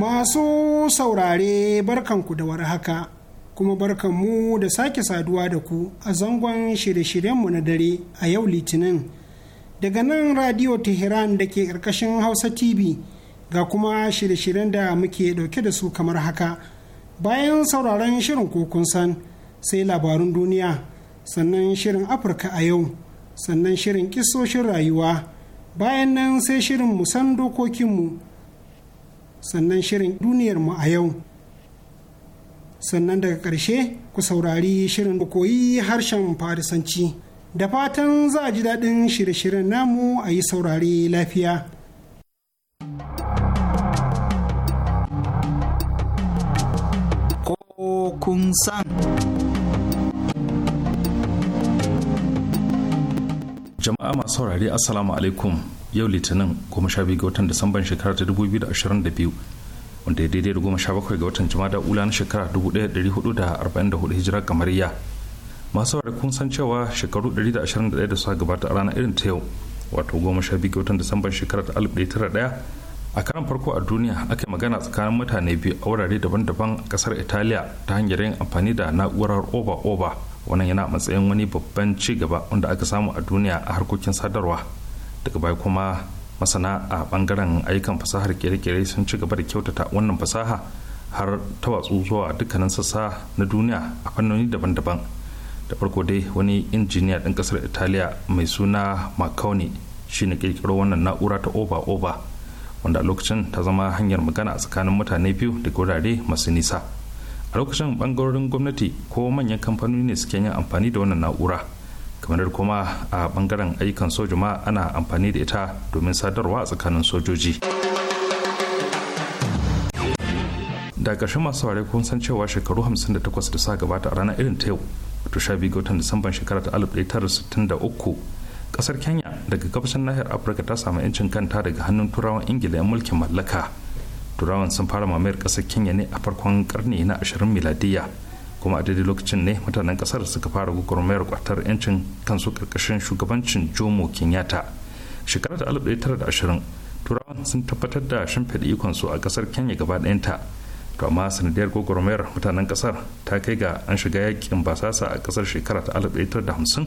masu saurare barkanku da haka kuma barkanmu da sake saduwa da ku a zangon shirye-shiryenmu na dare a yau litinin daga nan radio tehran da ke ƙarƙashin hausa tv ga kuma shirye-shiryen da muke ɗauke da su kamar haka bayan sauraron shirin kokun san sai labarun duniya sannan shirin afirka a yau sannan shirin kisoshin rayuwa bayan nan sai shirin musan dokokinmu sannan shirin duniyarmu a yau sannan daga ƙarshe ku saurari shirin da koyi harshen farisanci da fatan za a ji daɗin shirye-shiryen namu a yi saurari lafiya ko kun san jama'a masu saurari assalamu alaikum yau litinin goma sha biyu ga watan disamban shekara ta dubu biyu da ashirin da biyu wanda ya daidai da goma sha bakwai ga watan jimada ula na shekara dubu ɗaya ɗari hudu da arba'in da hudu hijira kamariya masu wari kun san cewa shekaru ɗari da ashirin da ɗaya da suka gabata a ranar irin ta yau wato goma sha biyu ga watan disamban shekara ta alif ɗaya tara ɗaya a karan farko a duniya aka magana tsakanin mutane biyu a wurare daban-daban a kasar italiya ta hanyar yin amfani da na'urar oba oba wannan yana matsayin wani babban ci gaba wanda aka samu a duniya a harkokin sadarwa daga baya kuma masana a bangaren ayyukan fasahar kere-kere sun ci gaba da kyautata wannan fasaha har ta watsu zuwa dukkanin sassa na duniya a fannoni daban-daban da farko dai wani injiniya ɗin ƙasar italiya mai suna makauni shi ne ƙirƙiro wannan na'ura ta oba oba wanda a lokacin ta zama hanyar magana a tsakanin mutane biyu da wurare masu nisa a lokacin bangarorin gwamnati ko manyan kamfanoni ne suke yin amfani da wannan na'ura kamar kuma a bangaren ayyukan soja ma ana amfani da ita domin sadarwa a tsakanin sojoji da ƙarshen masu ware kun san cewa shekaru 58 da sa gabata a ranar irin ta yau wato 12 ga watan disamban shekarar ta 1963 ƙasar kenya daga gabashin nahiyar afirka ta samu 'yancin kanta daga hannun turawan ingila 'yan mulkin mallaka turawan sun fara mamayar kasar kenya ne a farkon karni na 20 miladiya. kuma a daidai lokacin ne mutanen kasar suka fara gwagwarmayar kwatar 'yancin kansu karkashin shugabancin jomo kenyatta shekarar da ashirin turawan sun tabbatar da shimfiɗa su a kasar kenya gaba ɗayanta to amma sanadiyar gwagwarmayar mutanen kasar ta kai ga an shiga yakin basasa a kasar shekara ta hamsin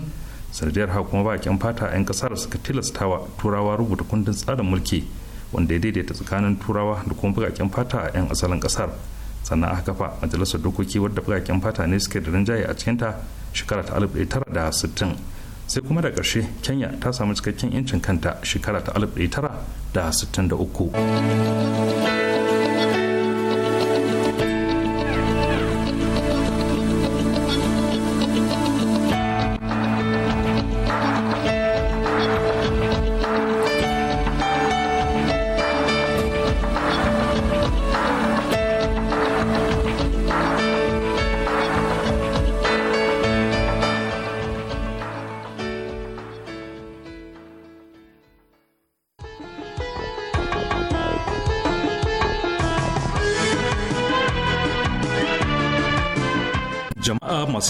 sanadiyar haka kuma bakin fata 'yan kasar suka tilastawa turawa rubuta kundin tsarin mulki wanda ya daidaita tsakanin turawa da kuma bakin fata a 'yan asalin kasar sannan aka kafa majalisar dokoki wadda bukakin fata ne suke da rinjaye a cikinta shekara ta 1960 sai kuma da ƙarshe kenya ta samu cikakken 'yancin kanta shekara ta 1963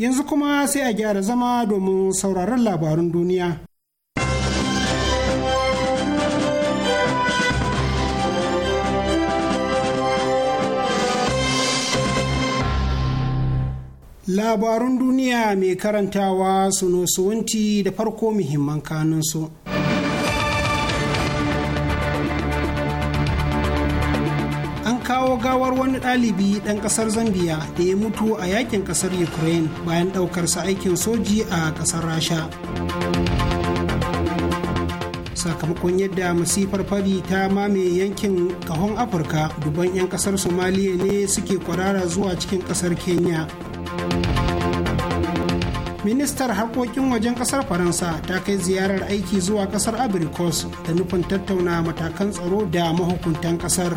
Yanzu kuma sai a gyara zama domin sauraron labarun duniya. Labarun duniya mai karantawa su suwanti da farko muhimman kanunsu. gawar wani ɗalibi ɗan ƙasar Zambia da ya mutu a yakin ƙasar Ukraine bayan sa aikin soji a ƙasar Rasha. sakamakon yadda masifar fari ta mame yankin kahon afirka duban 'yan ƙasar somaliya ne suke kwarara zuwa cikin ƙasar kenya ministar harkokin wajen kasar faransa ta kai ziyarar aiki zuwa kasar abirikos da nufin tattauna matakan tsaro da mahukuntan kasar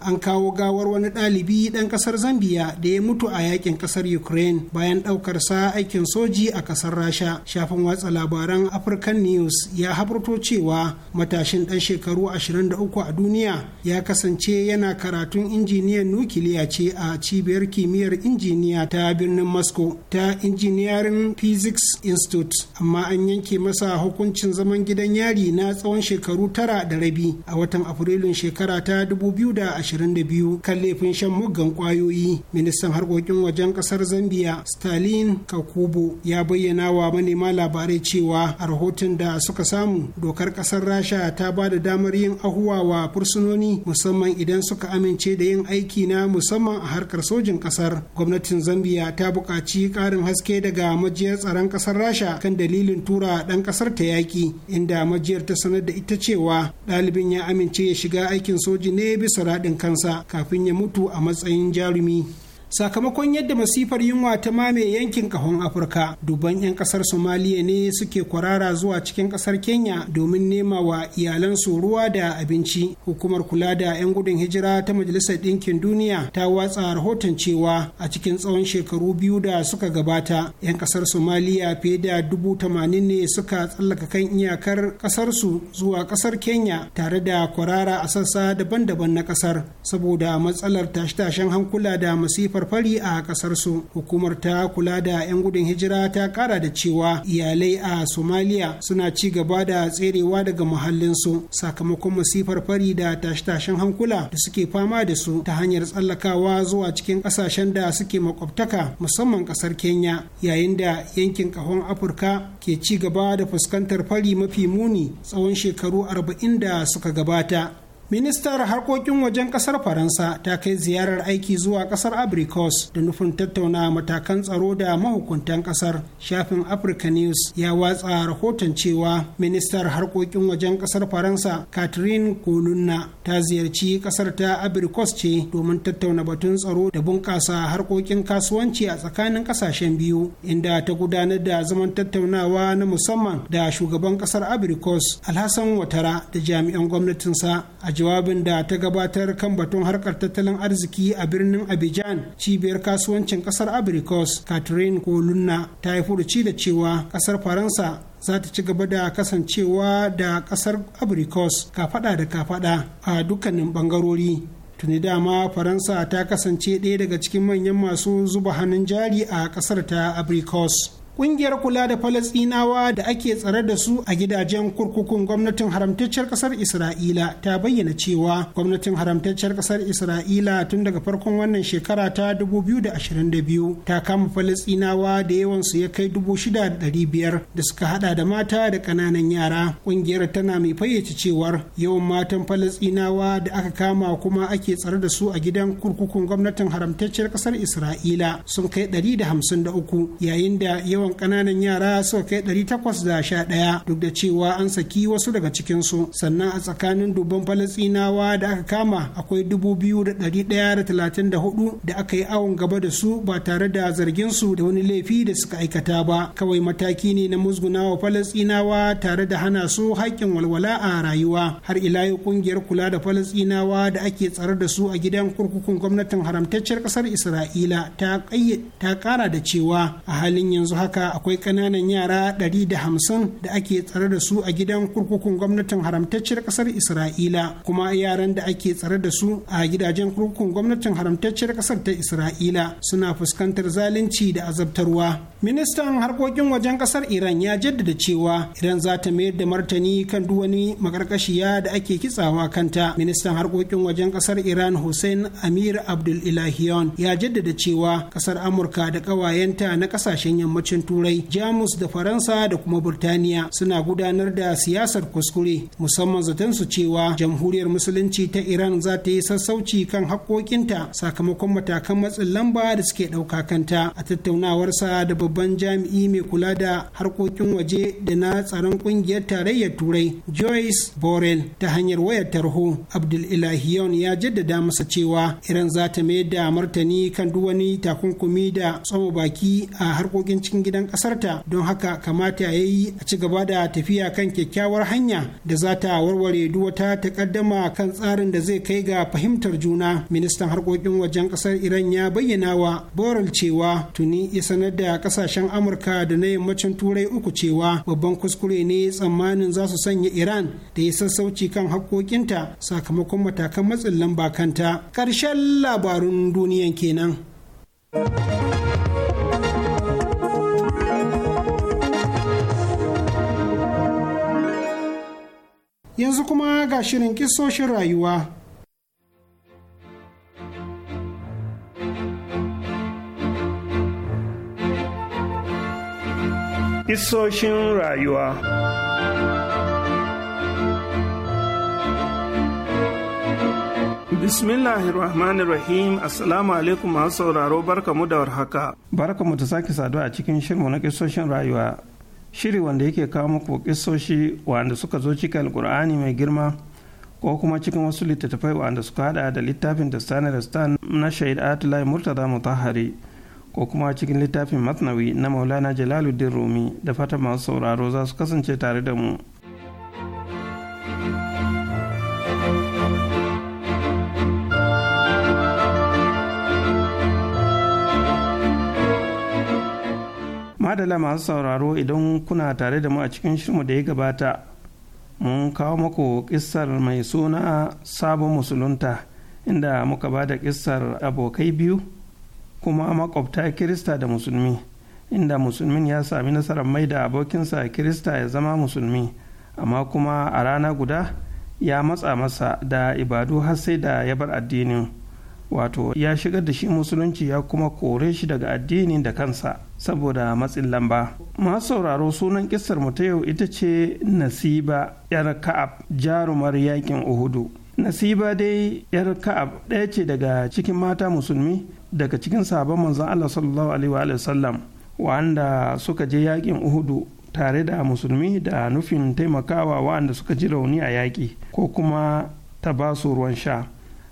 an kawo gawar wani ɗalibi ɗan ƙasar zambia da ya mutu a yakin ƙasar ukraine bayan ɗaukar sa aikin soji a ƙasar rasha shafin watsa labaran african news ya habarto cewa matashin ɗan shekaru 23 a duniya ya kasance yana karatun injiniyan nukiliya ce a cibiyar kimiyyar injiniya ta birnin moscow ta engineering physics institute amma an yanke masa hukuncin zaman gidan yari na tsawon shekaru tara da rabi a watan afrilun shekara ta 2020 22 kan laifin shan muggan kwayoyi ministan harkokin wajen kasar zambia stalin kakubo ya bayyana wa manema labarai cewa a rahoton da suka samu dokar kasar rasha ta ba da damar yin ahuwa wa fursunoni musamman idan suka amince da yin aiki na musamman a harkar sojin kasar gwamnatin zambia ta bukaci ƙarin haske daga majiyar tsaron kasar rasha kan dalilin tura ɗan kasar ta yaƙi inda majiyar ta sanar da ita cewa ɗalibin ya amince ya shiga aikin soji ne bisa raɗin kansa kafin ya mutu a matsayin jarumi sakamakon yadda masifar yunwa ta mame yankin kahon afirka duban 'yan kasar somaliya ne suke kwarara zuwa cikin kasar kenya domin nema wa iyalansu ruwa da abinci hukumar kula da 'yan gudun hijira ta majalisar ɗinkin duniya ta watsa rahoton cewa a cikin tsawon shekaru biyu da suka gabata 'yan kasar somaliya fiye da dubu tamanin ne suka tsallaka kan iyakar kasarsu zuwa kasar kenya tare da kwarara a sassa daban-daban na kasar saboda matsalar tashe-tashen hankula da masifar farfari fari a kasarsu hukumar ta kula da 'yan gudun hijira ta kara da cewa iyalai a somaliya suna ci gaba da tserewa daga muhallin su sakamakon masifar fari da tashe-tashen hankula da suke fama da su ta hanyar tsallakawa zuwa cikin kasashen da suke makwabtaka musamman kasar kenya yayin da yankin kahon afirka ke ci gaba da fuskantar fari mafi muni tsawon shekaru arba'in da suka gabata ministar harkokin wajen kasar faransa ta kai ziyarar aiki zuwa kasar abricos da nufin tattauna matakan tsaro da mahukuntan kasar shafin africa news ya watsa rahoton cewa ministar harkokin wajen kasar faransa catherine kolunna ta ziyarci kasar ta abricos ce domin tattauna batun tsaro da bunƙasa harkokin kasuwanci a tsakanin kasashen biyu inda ta gudanar da zaman tattaunawa na musamman da shugaban kasar abricos alhassan watara da jami'an gwamnatinsa a jawabin da ta gabatar kan batun harkar tattalin arziki a birnin Abidjan cibiyar kasuwancin kasar Abrikos Catherine Kolunna, ta yi furuci da cewa kasar Faransa za ta ci gaba da kasancewa da kasar Abrikos kafada da kafada a dukkanin bangarori tuni dama faransa ta kasance ɗaya daga cikin manyan masu zuba hannun jari a ƙasar ta abricos Ƙungiyar kula da falasɗinawa da ake tsare da su a gidajen kurkukun gwamnatin haramtacciyar ƙasar isra'ila ta bayyana cewa gwamnatin haramtacciyar ƙasar isra'ila tun daga farkon wannan shekara ta 2022 ta kama falasɗinawa da yawan su ya kai 6,500 da suka hada da mata da ƙananan yara ƙungiyar tana mai fayyace cewar yawan matan falasɗinawa da aka kama kuma ake tsare da su a gidan kurkukun gwamnatin haramtacciyar ƙasar isra'ila sun kai 153 yayin da yawan yawan ƙananan yara suka kai ɗaya. duk da cewa an saki wasu daga cikinsu sannan a tsakanin dubban falasinawa da aka kama akwai dubu biyu da da da da talatin hudu aka yi awon gaba da su ba tare da zarginsu da wani laifi da suka aikata ba kawai mataki ne na musgunawa falasinawa tare da hana su haƙƙin walwala a rayuwa har ila yau ƙungiyar kula da falasinawa da ake tsare da su a gidan kurkukun gwamnatin haramtacciyar ƙasar isra'ila ta ƙara da cewa a halin yanzu haka haka akwai ƙananan yara ɗari da hamsin da ake tsare da su a gidan kurkukun gwamnatin haramtacciyar ƙasar Isra'ila kuma yaran da ake tsare da su a gidajen kurkukun gwamnatin haramtacciyar ƙasar ta Isra'ila suna fuskantar zalunci da azabtarwa. Ministan harkokin wajen ƙasar Iran ya jaddada cewa Iran za ta mayar da martani kan duk wani makarkashiya da ake kitsawa kanta. Ministan harkokin wajen ƙasar Iran Hussein Amir Abdul Ilahiyon ya jaddada cewa ƙasar Amurka da ƙawayenta na ƙasashen yammacin kasashen turai jamus da faransa da kuma burtaniya suna gudanar da siyasar kuskure musamman zaton su cewa jamhuriyar musulunci ta iran za ta yi sassauci kan haƙoƙinta sakamakon matakan matsin lamba da suke ɗauka kanta a tattaunawar sa da babban jami'i mai kula da harkokin waje da na tsaron ƙungiyar tarayyar turai joyce borel ta hanyar wayar tarho abdul ilahiyon ya jaddada masa cewa iran za ta mayar da martani kan duk wani takunkumi da tsoma baki a harkokin cikin gidan ƙasarta don haka kamata ya yi a ci gaba da tafiya kan kyakkyawar hanya da za ta warware duwata wata takaddama kan tsarin da zai kai ga fahimtar juna ministan harkokin wajen ƙasar iran ya bayyana wa borel cewa tuni ya sanar da ƙasashen amurka da na yammacin turai uku cewa babban kuskure ne tsammanin za su sanya iran da ya sassauci kan hakkokinta sakamakon matakan matsin lamba kanta karshen labarun duniyan kenan. yanzu kuma ga shirin kisoshin rayuwa. Kisoshin rayuwa Rahim Assalamu alaikum masu sauraro barkamu da warhaka. Barkamu ta sake saduwa a cikin shirmu na kisoshin rayuwa shiri wanda yake kawo muku kisoshi wanda suka zo cikin alkur'ani mai girma ko kuma cikin wasu littattafai wanda suka hada da littafin da stan rastan na shahid atulai murtala mutahari ko kuma cikin littafin matnawi na maulana jalaluddin rumi da fata masu sauraro za su kasance tare da mu madala masu sauraro idan kuna tare da mu a cikin shirmu da ya gabata mun kawo muku kissar mai suna sabon musulunta inda muka ba da kissar abokai biyu kuma makwabta kirista da musulmi inda musulmin ya sami nasarar mai da abokinsa kirista ya zama musulmi amma kuma a rana guda ya matsa masa da ibadu har sai da ya bar addinin wato ya shigar da shi musulunci ya kuma kore shi daga addinin da kansa saboda matsin lamba masu sauraro sunan kisar mu ta yau ita ce nasiba yar ka'ab jarumar yakin uhudu nasiba dai yar ka'ab ɗaya ce daga cikin mata musulmi daga cikin sabon manzon allah sallallahu alaihi wa sallam wanda suka je yakin uhudu tare da musulmi da nufin taimakawa wa'anda suka ji rauni a yaƙi ko kuma ta ba su ruwan sha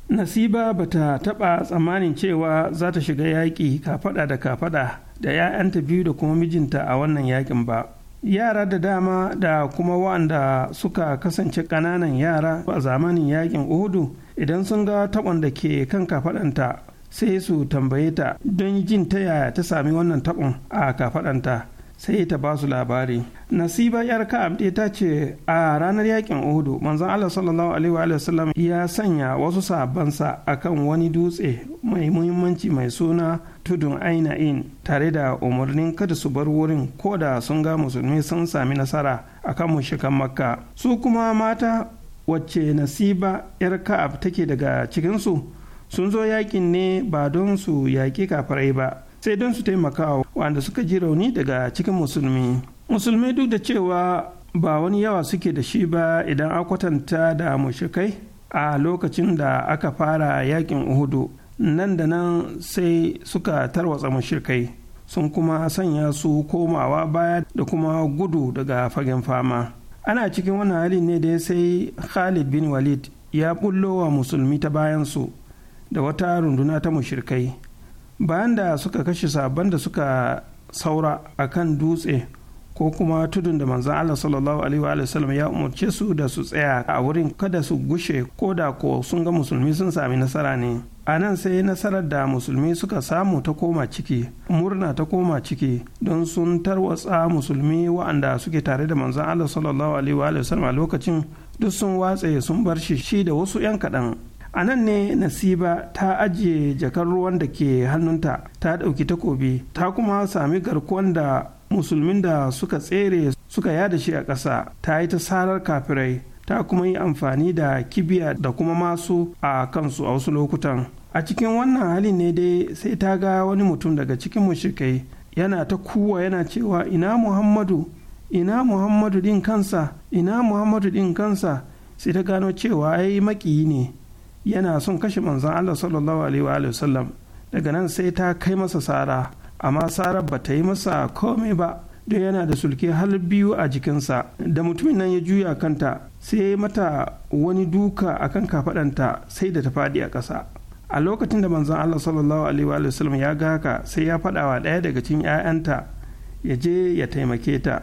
nasiba ba ta taɓa tsammanin cewa za ta shiga yaƙi kafaɗa da kafaɗa da 'ya'yanta biyu da kuma mijinta a wannan yaƙin ba yara da dama da kuma waɗanda suka kasance ƙananan yara a zamanin yaƙin uhudu idan sun ga taɓon da ke kan kafaɗanta sai su tambaye ta don jin ta yaya ta sami wannan taɓon a kafaɗanta sai ta ba su labari nasiba yar ka'ab ta ce a ranar yakin uhudu manzon allah sallallahu alaihi wa sallam ya sanya wasu sabansa akan wani dutse mai muhimmanci mai suna tudun ainihin tare da umarnin kada su bar wurin ko da sun ga musulmi sun sami nasara akan mushikan makka su kuma mata wacce nasiba yar ka'ab take daga cikinsu sun zo yakin ne ba don su yaƙi kafarai ba sai don su taimaka wanda suka ji rauni daga cikin musulmi musulmi duk da cewa ba wani yawa suke da shi ba idan a kwatanta da mushikai a lokacin da aka fara yakin uhudu nan da nan sai suka tarwatsa mushrikai sun kuma sanya su komawa baya da kuma gudu daga fagen fama ana cikin wannan hali ne da sai khalid bin walid ya bullo wa musulmi ta bayansu da wata runduna ta mushirkai bayan da suka kashe sabon da suka saura a kan dutse ko kuma tudun da manzon Allah sallallahu alaihi wa sallam ya umarce su da su tsaya a wurin kada su gushe ko da ko sun ga musulmi sun sami nasara ne a nan sai nasarar da musulmi suka samu ta koma ciki murna ta koma ciki don sun tarwatsa musulmi wa'anda suke tare da manzon Allah sallallahu alaihi wa sallam a lokacin duk sun watse sun bar shi shi da wasu 'yan kaɗan a nan ne nasiba ta ajiye jakar ruwan da ke hannunta ta ɗauki takobi ta kuma sami garkuwan da musulmin da suka tsere suka yada shi a ƙasa ta yi ta sarar kafirai ta kuma yi amfani da kibiya da kuma masu a kansu a wasu lokutan a cikin wannan halin ne dai sai ta ga wani mutum daga cikin mushrikai yana ta kuwa yana cewa ina muhammadu ina muhammadu din kansa ina muhammadu din kansa sai ta gano cewa ai maƙiyi ne yana son kashe manzon allah sallallahu alaihi wa sallam daga nan sai ta kai masa sara amma sarar ba ta yi masa komai ba don yana da sulke har biyu a jikinsa da mutumin nan ya juya kanta sai ya yi mata wani duka a kan kafaɗanta sai da ta faɗi a ƙasa a lokacin da manzon Allah sallallahu alaihi wa sallam ya ga haka sai ya faɗa wa ɗaya daga cikin 'ya'yanta ya je ya taimake ta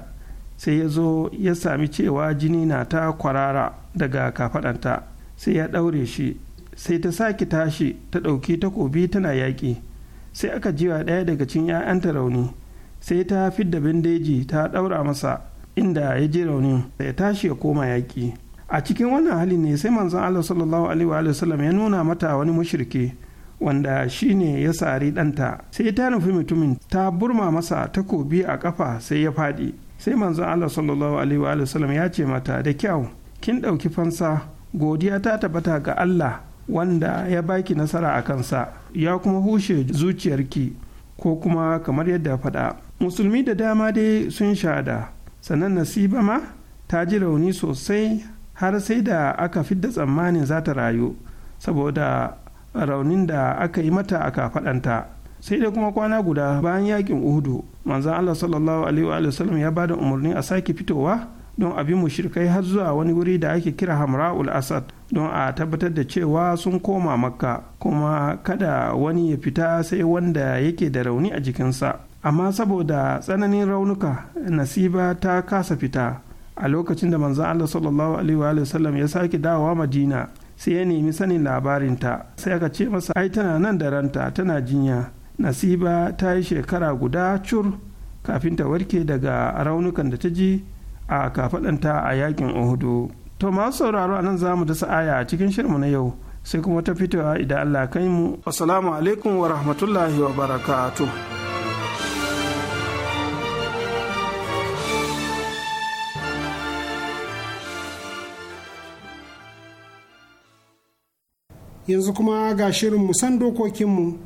sai ya zo ya sami cewa jini na ta kwarara daga kafaɗanta sai ya ɗaure shi sai ta sake tashi ta ɗauki takobi tana yaƙi sai aka jiwa ɗaya daga cikin 'ya'yanta rauni sai ta fidda bindeji ta ɗaura masa inda ya ji raunin da ya tashi ya koma yaƙi a cikin wannan hali ne sai manzon Allah sallallahu alaihi wa ya nuna mata wani mushriki wanda shine ya sari ɗanta sai ta nufi mutumin ta burma masa takobi a ƙafa sai ya faɗi sai manzon Allah sallallahu alaihi wa ya ce mata da kyau kin ɗauki fansa godiya ta tabbata ga Allah wanda ya baki nasara a kansa ya kuma hushe zuciyarki ko kuma kamar yadda faɗa musulmi da dama dai sun shada sannan nasiba ma ta ji rauni sosai har sai da aka fidda tsammanin za ta rayu saboda raunin da aka yi mata aka faɗanta sai dai kuma kwana guda bayan yakin uhudu manzan allah sallallahu alaihi wa ya bada umarni a sake fitowa don abin mushrikai har zuwa wani wuri da ake kira hamra'ul asad don a tabbatar da cewa sun koma makka kuma kada wani ya fita sai wanda yake da rauni a jikinsa amma saboda tsananin raunuka nasiba ta kasa fita a lokacin da manzan allah sallallahu alaihi wa sallam ya sake dawowa madina sai ya nemi sanin labarinta sai aka ce masa ai tana nan da ranta tana jinya nasiba ta yi shekara guda cur kafin ta warke daga raunukan da ta ji a kafaɗanta a yakin ohudu to masu sauraro a nan za mu dasa aya a cikin shirmu na yau sai kuma ta fitowa idan allah kai mu assalamu alaikum wa rahmatullahi wa barakatu. yanzu kuma ga shirin musan dokokinmu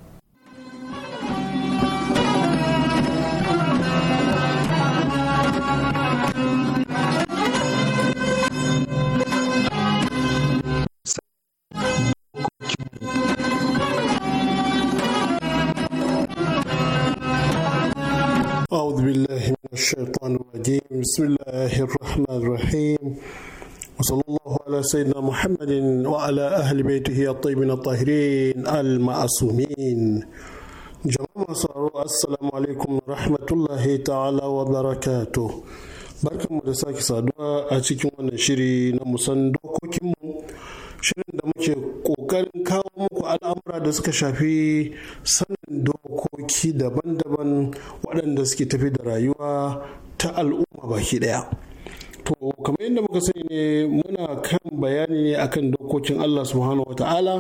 أعوذ بالله من الشيطان الرجيم بسم الله الرحمن الرحيم وصلى الله على سيدنا محمد وعلى أهل بيته الطيبين الطاهرين المعصومين jama'a sauraro assalamu alaikum rahmatullahi ta'ala wa barakatuh barkanmu da sake saduwa a cikin wannan shiri na musan dokokinmu shirin da muke ƙoƙarin kawo muku al'amura da suka shafi sanin doko baki daban-daban waɗanda suke tafi da rayuwa ta al'umma baki ɗaya to kamar yadda muka sani ne muna kan bayani ne akan dokokin allah subhanahu wa ta'ala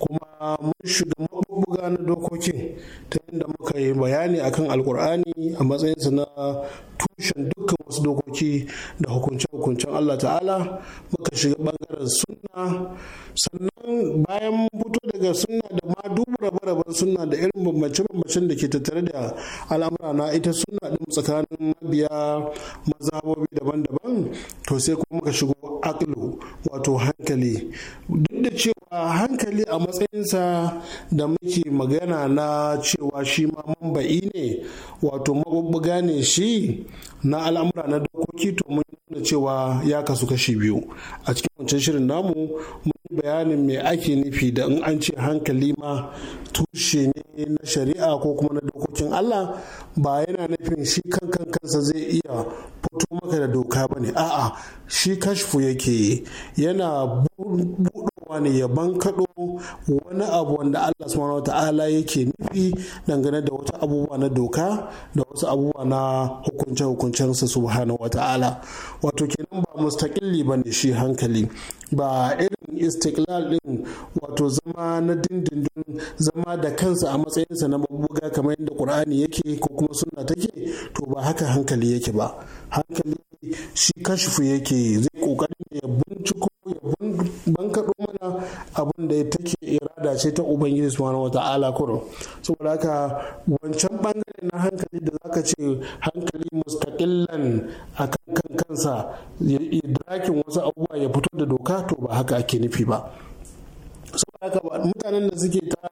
kuma mun shiga buga na dokokin ta yadda muka yi bayani akan alkur'ani a matsayinsa na tushen dukkan wasu dokoki da hukunce-hukuncen Allah ta'ala muka shiga bangaren sunna sannan bayan fito daga sunna da ma dubu rabe suna da irin bambance-bambancen da ke tattare da al'amura na ita sunna din tsakanin mabiya mazhabobi daban-daban to sai kuma muka shigo aklu wato hankali duk da cewa hankali a matsayinsa da muke yake magana na cewa shi ma mamba'i ne wato mabubbuga ne shi na al'amura na dokoki to mun nuna cewa ya kasu kashi biyu a cikin wancan shirin namu mun yi bayanin mai ake nufi da in an ce hankali ma tushe ne na shari'a ko kuma na dokokin Allah ba yana nufin shi kankan kansa zai iya fito maka da doka ba ne a'a shi kashfu yake yana budowa ne ya bankaɗo wani abu wanda Allah subhanahu wa ta'ala yake nufi dangane da wata abubuwa na doka da wasu abubuwa na hukunce sa subhanahu wa ta'ala wato kenan ba mustaqilli ba ne shi hankali ba irin istiklal din wato zama na dindindin zama da kansa a matsayinsa na mabuga kamar yadda qur'ani yake ko kuma sunna take to ba haka hankali yake ba hankali shi kashifu yake zai kokarin ya binciko ya bankaɗo mana abin da take irada ce ta ubangiji subhanahu wa ta'ala kurum saboda haka wancan bangare na hankali da zaka ce hankali mustaqillan akan kan kansa ya idrakin wasu abubuwa ya fito da doka to ba haka ake nufi ba haka ba mutanen da suke ta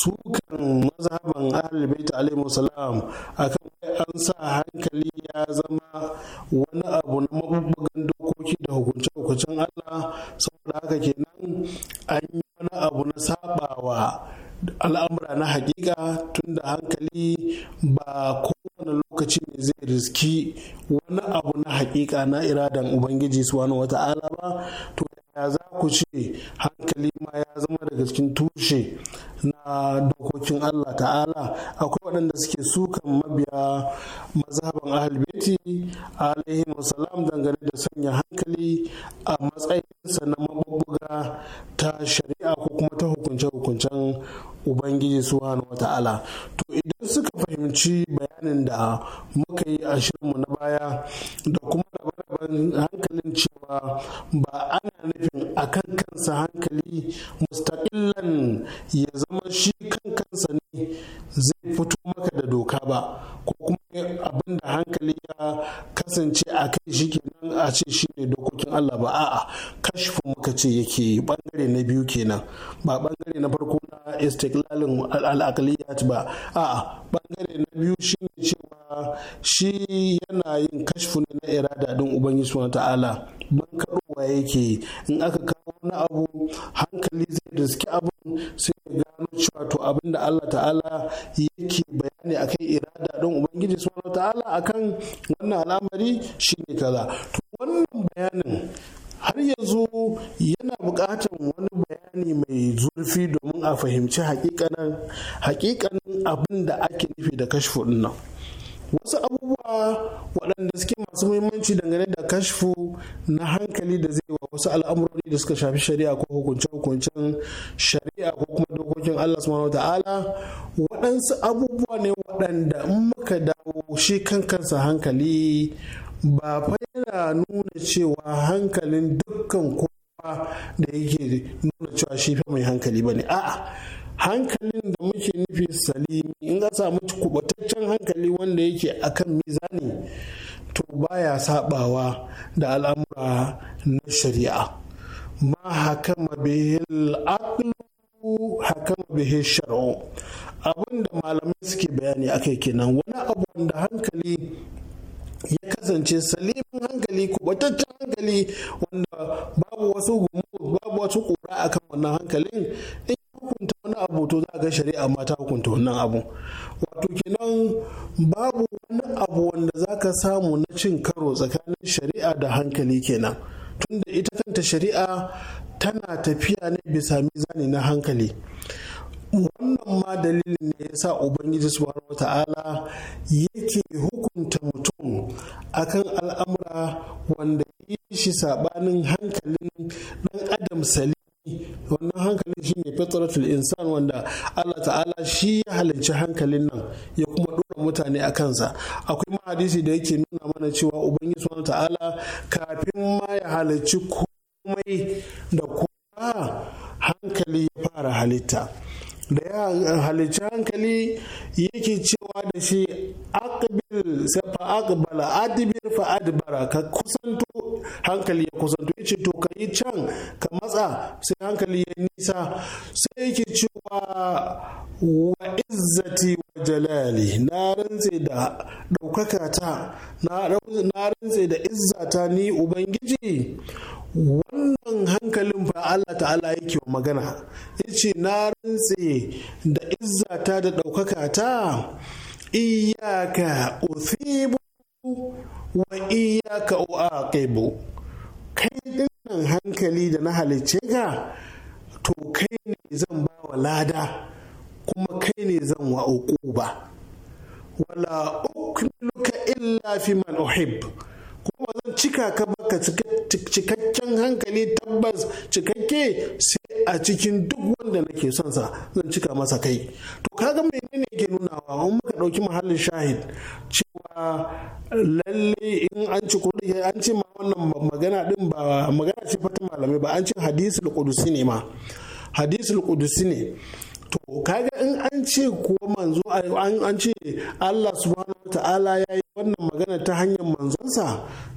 sukan mazhaban ahlul alaihi wasallam akan an sa hankali ya zama wani abu na mabubbugan dokoki da hukunce-hukuncen Allah saboda haka kenan an yi wani abu na sabawa al'amura na hakika da hankali ba kowane lokaci ne zai riski wani abu na hakika na iradan ubangiji wata wata'ala ba to ya za ku ce hankali ma ya zama daga cikin tushe na dokokin Allah ta'ala akwai waɗanda suke sukan mabiya mazhaban ahalbeti alaihim salam dangane da sanya hankali a matsayinsa na mabubuga ta shari'a ko kuma ta hukunce-hukuncen ubangiji subhanahu wata'ala to idan suka fahimci bayanin da muka yi a shirinmu na baya da kuma daban-daban hankalin cewa ba ana nufin a kan kansa hankali mustaƙillan ya zama shi kan kansa ne zai fito maka da doka ba ko kuma abin da hankali ya kasance a kai shi kenan a ce shi ne dokokin Allah ba a'a kashfu muka ce yake bangare na biyu kenan ba bangare na farko na istiklalin al'akaliyyat ba a'a bangare na biyu shi ne cewa shi yana yin kashfu ne na irada din ubangiji wa ta'ala ban kadowa yake in aka kawo na abu hankali zai daski abun sai ya gano cewa to abin da Allah ta'ala yake bayani kai irada din ubangiji subhanahu ta'ala akan wannan al'amari shine kaza to wannan bayanin har yanzu yana buƙatar wani bayani mai zurfi domin a fahimci hakikanin abin da ake nufi da kashfu nan. wasu abubuwa waɗanda suke masu muhimmanci dangane da kashfu na hankali da zai wa wasu al'amurori da suka shafi shari'a ko hukunce-hukuncen shari'a ko kuma dokokin Allah subhanahu ta'ala waɗansu abubuwa ne waɗanda in muka dawo shi kan kansa hankali ba fa yana nuna cewa hankalin dukkan kowa da yake nuna cewa shi fa mai hankali bane a'a hankalin da muke nufi salimi in ka samu kubataccen hankali wanda yake akan mizani to baya sabawa da al'amura na shari'a ma haka mabihin aqlu haka mabihin shar'u abinda malamai suke bayani akai kenan wani abu wanda hankali ya kasance salimin hankali kubataccen hankali wanda babu wasu gumu babu wasu kura akan wannan hankalin hukunta wani abu to za ga shari'a ma ta hukunta wannan abu wato kenan babu wani abu wanda za ka samu na cin karo tsakanin shari'a da hankali kenan tunda ita kanta shari'a tana tafiya ne bisa mizani na hankali wannan ma dalilin ne ya sa ubangiji subhanahu wata'ala yake hukunta mutum akan al'amura wanda yi shi sabanin hankalin dan adam sali. wannan hankalin shi ne fitratul insan wanda Allah ta'ala shi ya halinci hankalin nan ya kuma dora mutane a kansa akwai ma da yake nuna mana cewa ubangi subhanahu ta'ala kafin ma ya halarci komai da kuma hankali ya fara halitta da ya halicci hankali yake cewa da shi aqbil sai akabala adibir fa adbara ka kusanto hankali ya kusanto ya ce to ka yi can ka matsa sai hankali ya nisa sai yake cewa wa izzati wa jalali na rantse da daukaka ta na rantse da izzata ni ubangiji wannan hankalin fa Allah ta'ala yake wa magana yace na rantse da izzata da ɗaukaka ta iyaka uthibu wa iyaka uaqibu kai dinnan hankali da na halicce ka to kai ne zan ba wa lada kuma kai ne zan wa uquba wala ukmiluka illa fi man uhib kuma zan cika ka baka cikakken hankali tabbas cikakke sai a cikin duk wanda nake son sa zan cika masa kai to kaga menene ke nunawa in muka dauki mahallin shahid cewa lalle in an ci kudi an ci ma wannan magana din ba magana ce fatan malamai ba an ci hadisul qudusi ne ma hadisul qudusi ne to kaga in an ce ko manzo an ce Allah subhanahu wa ta'ala ya yi wannan magana ta hanyar manzonsa,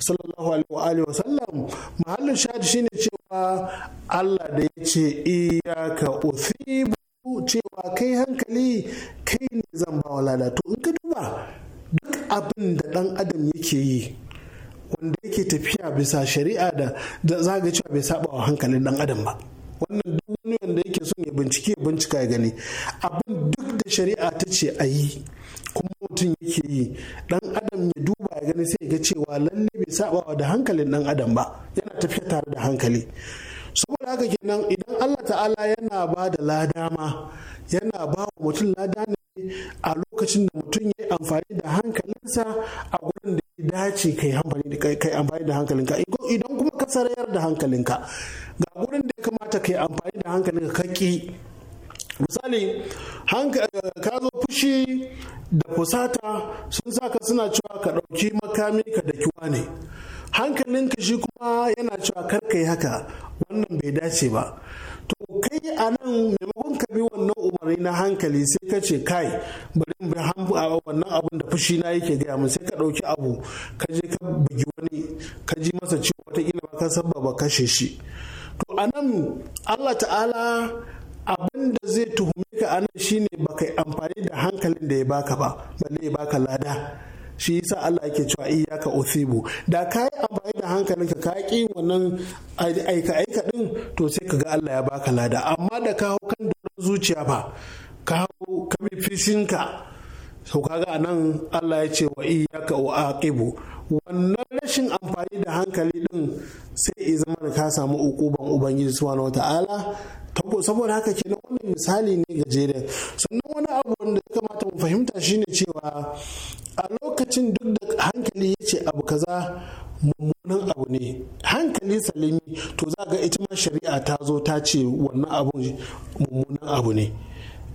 sallallahu alaihi wa sallam mahallin shahadi shine cewa Allah da ya ce iyaka uthibu cewa kai hankali kai ne zan ba wa To in ka duba duk abin da dan adam yake yi wanda yake tafiya bisa shari'a da zaga cewa bai saba wa hankalin dan adam ba wannan duk wani wanda yake son ya bincike bincika ya gani abin duk da shari'a ta ce a yi kuma mutum yake yi dan adam ya duba ya gani sai ya ga cewa lalle bai saba da hankalin dan adam ba yana tafiya tare da hankali saboda haka kenan idan Allah ta'ala yana ba da lada ma yana ba wa mutum lada ne a lokacin da mutum ya yi amfani da hankalinsa a gurin da ya dace kai amfani da hankalinka idan kuma ka sarayar da hankalinka kamata ka yi amfani da hankali ka kaki misali ka zo fushi da fusata sun saka suna cewa ka ɗauki makami ka da ne, ne hankalinka shi kuma yana cewa kar ka yi haka wannan bai dace ba to kai a nan maimakon ka bi wannan umarni na hankali sai ka ce kai bari in bi wannan abun da fushi na yake gaya mun sai ka ɗauki abu ka je ka bugi wani ka ji masa ciwo wataƙila ba ka sabba ba kashe shi to a nan, Allah ta'ala abin da zai tuhume ka anan shine baka yi amfani da hankalin da ya baka ba balle ya baka lada shi yasa Allah yake cewa iyyaka usibu da ka amfani da hankalinka ka ki wannan aika aika din to sai ka ga Allah ya baka lada amma da ka hau kan doron zuciya ba ka hau ka bi fishinka to kaga anan Allah ya ce wa iyyaka uaqibu wannan rashin amfani da hankali din sai ya zama da ka samu ukuban ubangiji subhanahu wata'ala saboda haka ke kenan wannan misali ne gajeren sannan wani abu wanda ya kamata mu fahimta shine cewa a lokacin duk da hankali ya ce abu kaza mummunan abu ne hankali salimi to za ga ita ma shari'a ta zo ta ce wannan abu mummunan abu ne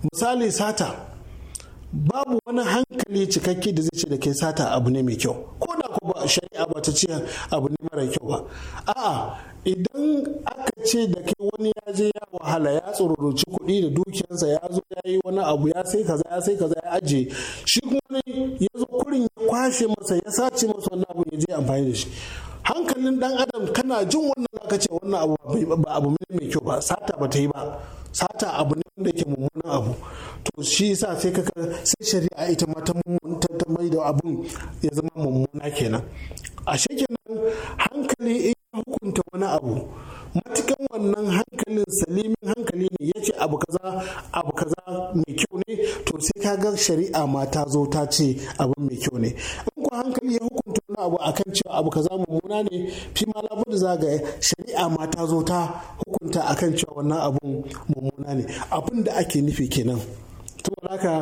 misali sata babu wani hankali cikakke da zai ce da ke sata abu ne mai kyau ko da ko ba shari'a ba ta ce abu ne mara kyau ba a'a idan aka ce da kai wani ya je ya wahala ya tsororoci kuɗi da dukiyarsa ya zo ya yi wani abu ya sai kaza ya sai kaza ya aje shi kuma ya zo kurin ya kwashe masa ya sace masa wani abu ya je amfani da shi hankalin dan adam kana jin wannan zaka ce wannan abu ba abu ne mai kyau ba sata ba ta yi ba sata abu ne wanda ke mummunan abu to shi sa sai ka sai shari'a ita ma ta mai da abun ya zama mummuna kenan A kenan hankali in hukunta wani abu matukan wannan hankalin salimin hankali ne ya ce abu kaza abu kaza mai kyau ne to sai ka ga shari'a ma ta zo ta ce abu mai kyau ne in ku hankali ya hukunta wani abu akan cewa abu kaza mummuna ne fi ma labar da zaga shari'a ma ta zo ta hukunta akan cewa wannan abun mummuna ne abin da ake nufi kenan saboda haka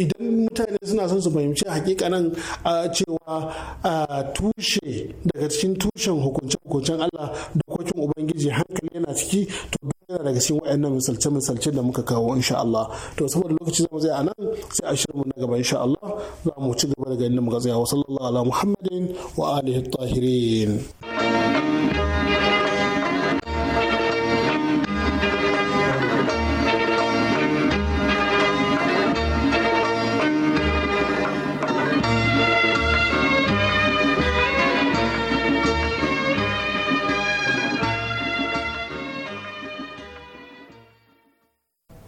idan mutane suna son su fahimci hakikanin a cewa a tushe daga cikin tushen hukunce-hukuncen Allah dokokin Ubangiji hankali yana ciki to yana daga cikin waɗannan misalce-misalce da muka kawo insha Allah to saboda lokaci zamu tsaya anan sai a shirinmu na gaba insha Allah za mu ci gaba daga inda muka tsaya wa sallallahu ala muhammadin wa alihi tahirin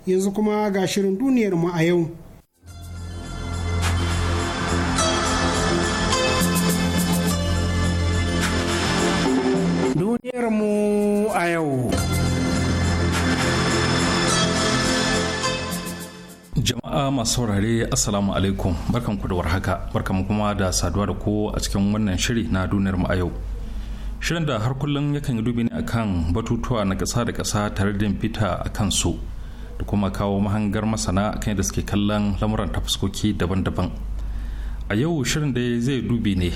yanzu kuma ga shirin duniyar mu a yau duniyar mu a yau jama'a masu saurare assalamu alaikum barkan ku da warhaka barkan kuma da saduwa da ku a cikin wannan shiri na duniyar mu a yau shirin da har kullum yakan yi dubi ne akan batutuwa na ƙasa da ƙasa tare da fita a kansu da kuma kawo mahangar masana kan da suke kallon lamuran ta fuskoki daban-daban a yau shirin da zai dubi ne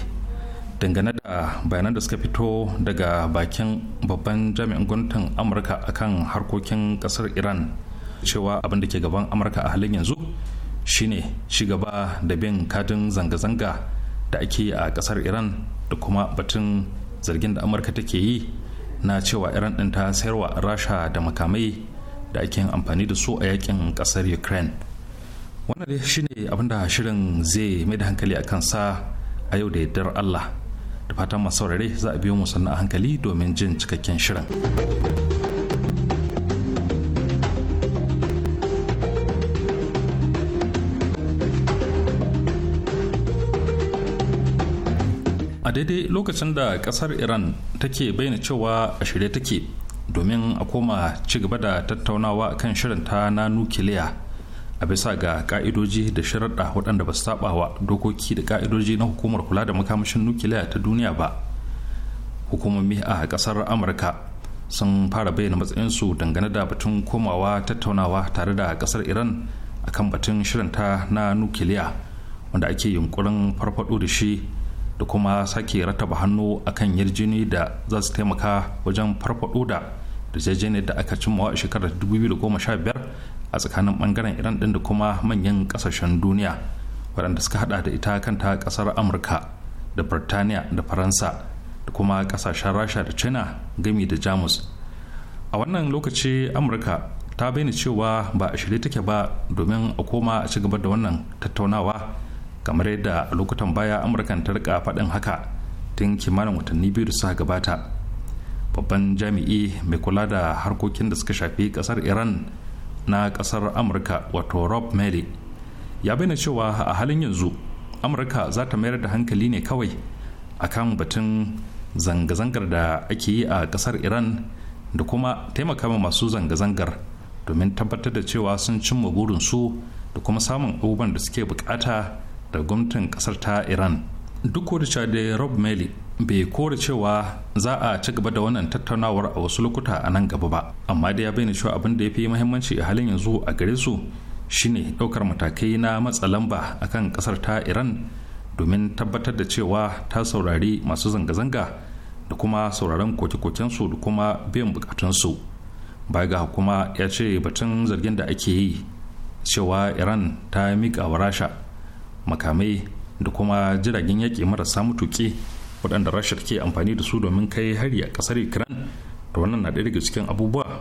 dangane da bayanan da suka fito daga bakin babban jami'in gwamnatin amurka a kan harkokin kasar iran cewa abin da ke gaban amurka a halin yanzu shine gaba da bin kadin zanga-zanga da ake a kasar iran da kuma batun zargin da amurka take yi na cewa iran ɗin ta sayarwa rasha da makamai da ake yin amfani da su a yakin kasar ukraine wannan dai shine abinda shirin zai mai da hankali a kansa a yau da yardar allah da fatan masu saurare za a biyo mu sannan a hankali domin jin cikakken shirin a daidai lokacin da kasar iran take bayyana cewa a shirye take domin a koma ci gaba da tattaunawa kan shirinta na nukiliya a bisa ga ka'idoji da sharaɗa waɗanda ba su saba wa dokoki da ka'idoji na hukumar kula da makamashin nukiliya ta duniya ba hukumomi a ƙasar amurka sun fara bayyana matsayinsu dangane da batun komawa tattaunawa tare da ƙasar iran akan batun shirinta na nukiliya wanda ake yunkurin farfado da shi da kuma sake rataba hannu akan yarjini da za su taimaka wajen farfado da yarjejeniyar da aka cimmawa a shekarar 2015 a tsakanin bangaren iran din da kuma manyan kasashen duniya waɗanda suka hada da ita kanta kasar amurka da birtaniya da faransa da kuma kasashen rasha da china gami da jamus a wannan lokaci amurka ta bayyana cewa ba a shirye take ba domin a koma a ci gaba da wannan tattaunawa kamar yadda lokutan baya amurkan ta rika faɗin haka tun kimanin watanni biyu da suka gabata babban jami'i mai kula da harkokin da suka shafi kasar iran na kasar amurka wato rob mary ya bayyana cewa a halin yanzu amurka za ta mayar da hankali ne kawai a kan batun zanga-zangar da ake yi a kasar iran da kuma taimaka masu zanga-zangar domin tabbatar da cewa sun cimma burinsu da kuma samun abubuwan da suke bukata da gwamnatin kasar ta iran duk da da rob mele bai kore cewa za a ci gaba da wannan tattaunawar a wasu lokuta a nan gaba ba amma da ya bayyana cewa abin da ya fi muhimmanci a halin yanzu a gare su shine ɗaukar matakai na matsa lamba akan ƙasar ta iran domin tabbatar da cewa ta saurari masu zanga-zanga da kuma sauraron koke koken su da kuma biyan bukatun su baya ga kuma ya ce batun zargin da ake yi cewa iran ta miƙa wa rasha makamai da kuma jiragen yaƙi marasa mutuƙi waɗanda rashar ke amfani da su domin kai hari a ƙasar ukraine da wannan na ɗaya daga cikin abubuwa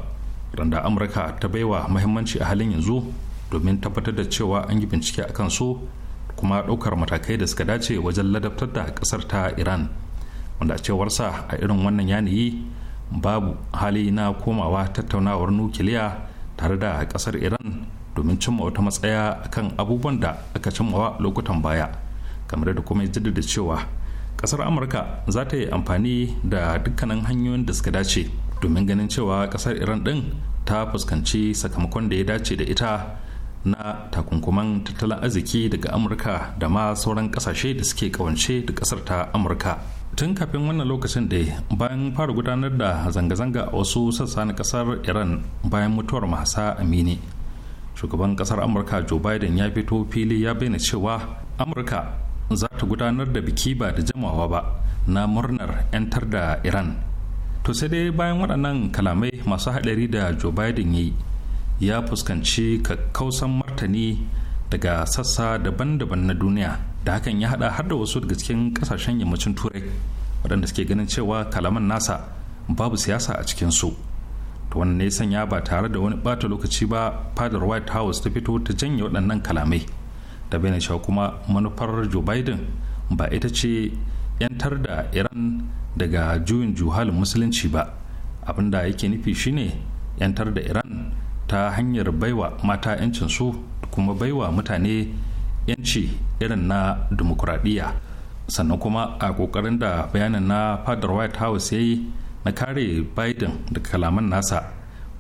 waɗanda amurka ta baiwa muhimmanci a halin yanzu domin tabbatar da cewa an yi bincike kan su kuma ɗaukar matakai da suka dace wajen ladabtar da ƙasar ta iran wanda cewarsa a irin wannan yanayi babu hali na komawa tattaunawar nukiliya tare da ƙasar iran domin cimma wata matsaya kan abubuwan da aka cimmawa lokutan baya kamar da kuma jaddada cewa kasar amurka za ta yi amfani da dukkanin hanyoyin da suka dace domin ganin cewa kasar iran din ta fuskanci sakamakon da ya dace da ita na takunkuman tattalin arziki daga amurka da ma sauran kasashe da suke kawance da kasar ta amurka tun kafin wannan lokacin da bayan fara gudanar da zanga-zanga a wasu sassa na kasar iran bayan mutuwar mahasa amini shugaban kasar amurka joe biden ya fito fili ya bayyana cewa amurka za ta gudanar da biki ba da jamawa ba na murnar 'yantar da iran to sai dai bayan waɗannan kalamai masu haɗari da joe biden yi ya fuskanci kakkausan martani daga sassa daban-daban na duniya da hakan ya haɗa har da wasu daga cikin ƙasashen yammacin turai waɗanda suke ganin cewa kalaman nasa babu siyasa a cikinsu ta wannan ne sanya ba tare da wani bata lokaci ba fadar white house ta fito ta janye waɗannan kalamai da bayyana cewa kuma manufar joe biden ba ita ce 'yantar da iran daga juyin juhalin musulunci ba abinda yake nufi shine 'yantar da iran ta hanyar baiwa mata 'yancin su kuma baiwa mutane 'yanci irin na dimokuraɗiyya sannan kuma a kokarin da bayanin na fadar white house ya yi na kare biden da kalaman nasa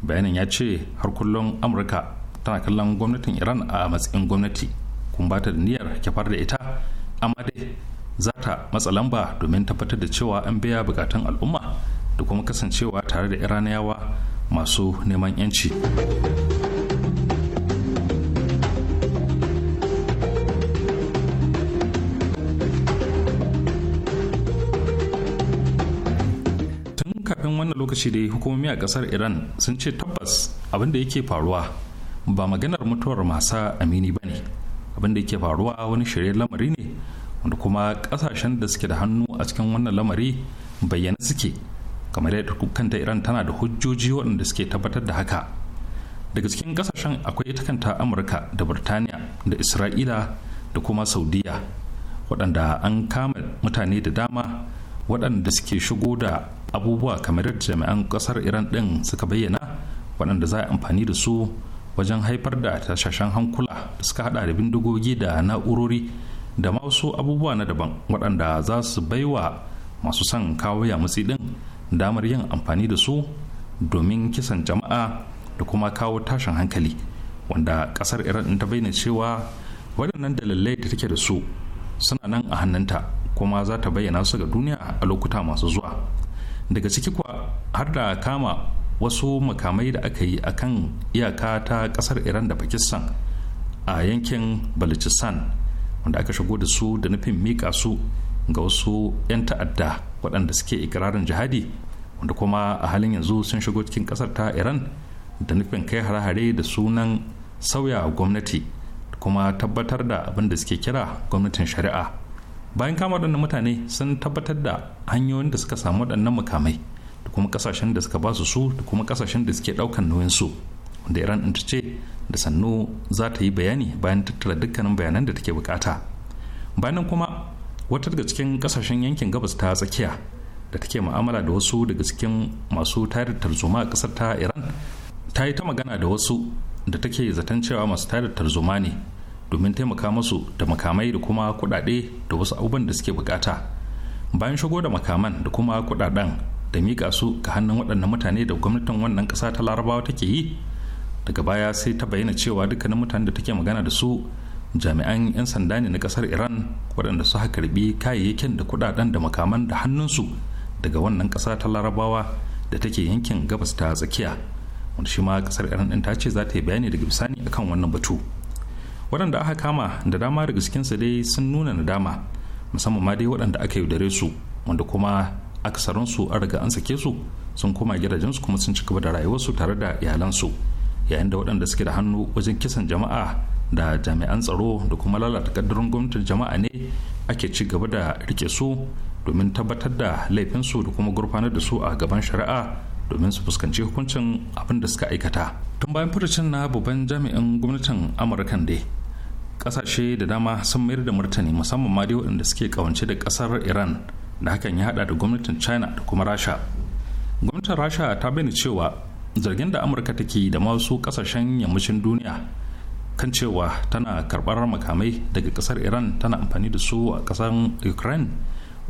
bayanin ya ce har kullum amurka tana kallon gwamnatin iran a matsayin gwamnati kun da niyyar kyafar da ita amma dai za ta matsa lamba domin tabbatar da cewa an biya bukatun al'umma da kuma kasancewa tare da iraniyawa masu neman 'yanci. tun kafin wannan lokaci dai hukumomi a kasar iran sun ce tabbas abin da yake faruwa ba maganar mutuwar masa amini ba ne abin da ke faruwa wani shirye lamari ne wanda kuma kasashen da suke da hannu a cikin wannan lamari bayyana suke kamar yadda kanta iran tana da hujjoji waɗanda suke tabbatar da haka daga cikin kasashen akwai ita kanta amurka da birtaniya da isra'ila da kuma saudiya waɗanda an kama mutane da dama waɗanda suke shigo da abubuwa kamar yadda jami'an ƙasar iran ɗin suka bayyana waɗanda za a amfani da su wajen haifar da tashashen hankula da suka hada da bindigogi da na'urori da masu abubuwa na daban waɗanda za su baiwa masu son kawo ya matsi ɗin damar yin amfani da su domin kisan jama'a da kuma kawo tashin hankali wanda ƙasar iran ta bayyana cewa waɗannan dalilai da take da su suna nan a hannunta kuma za ta bayyana su ga duniya a lokuta masu zuwa daga ciki kuwa har da kama wasu makamai da aka yi a kan iyaka ta kasar iran da pakistan a yankin balochistan wanda aka shigo da su da nufin mika su ga wasu 'yan ta'adda waɗanda suke ikirarin jihadi wanda kuma a halin yanzu sun shigo cikin kasar ta iran da nufin kai hare-hare da sunan sauya gwamnati kuma tabbatar da abin da suke kira gwamnatin shari'a bayan kama waɗannan mutane sun tabbatar da hanyoyin da suka samu waɗannan mukamai kuma kasashen da suka ba su su da kuma kasashen da suke daukan nauyin su wanda iran ɗin ta ce da sannu za ta yi bayani bayan tattara dukkanin bayanan da take bukata bayanan kuma wata daga cikin kasashen yankin gabas ta tsakiya da take mu'amala da wasu daga cikin masu tayar tarzoma a kasar ta iran ta yi ta magana da wasu da take zaton cewa masu tayar tarzoma ne domin taimaka musu da makamai da kuma kudade da wasu abubuwan da suke bukata bayan shigo da makaman da kuma kudaden. da miƙa su ga hannun waɗannan mutane da gwamnatin wannan ƙasa ta larabawa take yi daga baya sai ta bayyana cewa dukkanin mutane da take magana da su jami'an 'yan sanda ne na ƙasar iran waɗanda suka karbi kayayyakin da kuɗaɗen da makaman da hannunsu daga wannan ƙasa ta larabawa da take yankin gabas ta tsakiya wanda shi ma ƙasar iran ɗin ta ce za ta yi bayani daga bisani akan wannan batu waɗanda aka kama da dama daga cikinsu dai sun nuna nadama musamman ma dai waɗanda aka yaudare su wanda kuma aksaransu an riga an sake su sun koma gidajensu kuma sun ci gaba da rayuwarsu tare da iyalansu yayin da waɗanda suke da hannu wajen kisan jama'a da jami'an tsaro da kuma lalata kaddarin gwamnatin jama'a ne ake ci gaba da rike su domin tabbatar da laifinsu da kuma gurfanar da su a gaban shari'a domin su fuskanci hukuncin abin da suka aikata tun bayan furucin na babban jami'in gwamnatin amurka dai kasashe da dama sun mayar da martani musamman ma dai waɗanda suke kawance da ƙasar iran da hakan ya hada da gwamnatin china da kuma rasha gwamnatin rasha ta bayyana cewa zargin da amurka take da masu kasashen yammacin duniya kan cewa tana karbar makamai daga kasar iran tana amfani da su a kasar ukraine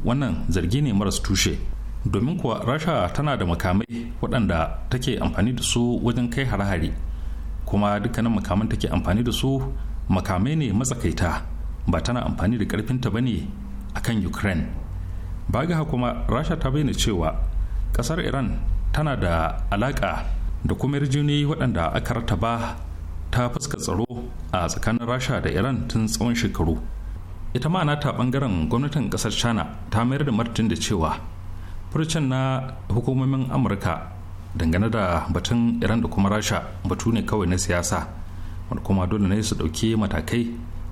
wannan zargi ne maras tushe domin kuwa rasha tana da makamai waɗanda take amfani da su wajen kai hare kuma dukkanin makaman take amfani da su makamai ne matsakaita ba tana amfani da ƙarfinta ba ne a kan ukraine baga kuma rasha ta bayyana cewa kasar iran tana da alaka da kuma jini waɗanda aka rataba ta fuska tsaro a tsakanin rasha da iran tun tsawon shekaru ita ma'ana ta bangaren gwamnatin kasar china ta mayar da martin da cewa furcin na hukumomin amurka dangane da batun iran da kuma rasha batu ne kawai na siyasa wanda kuma dole ne su ɗauki matakai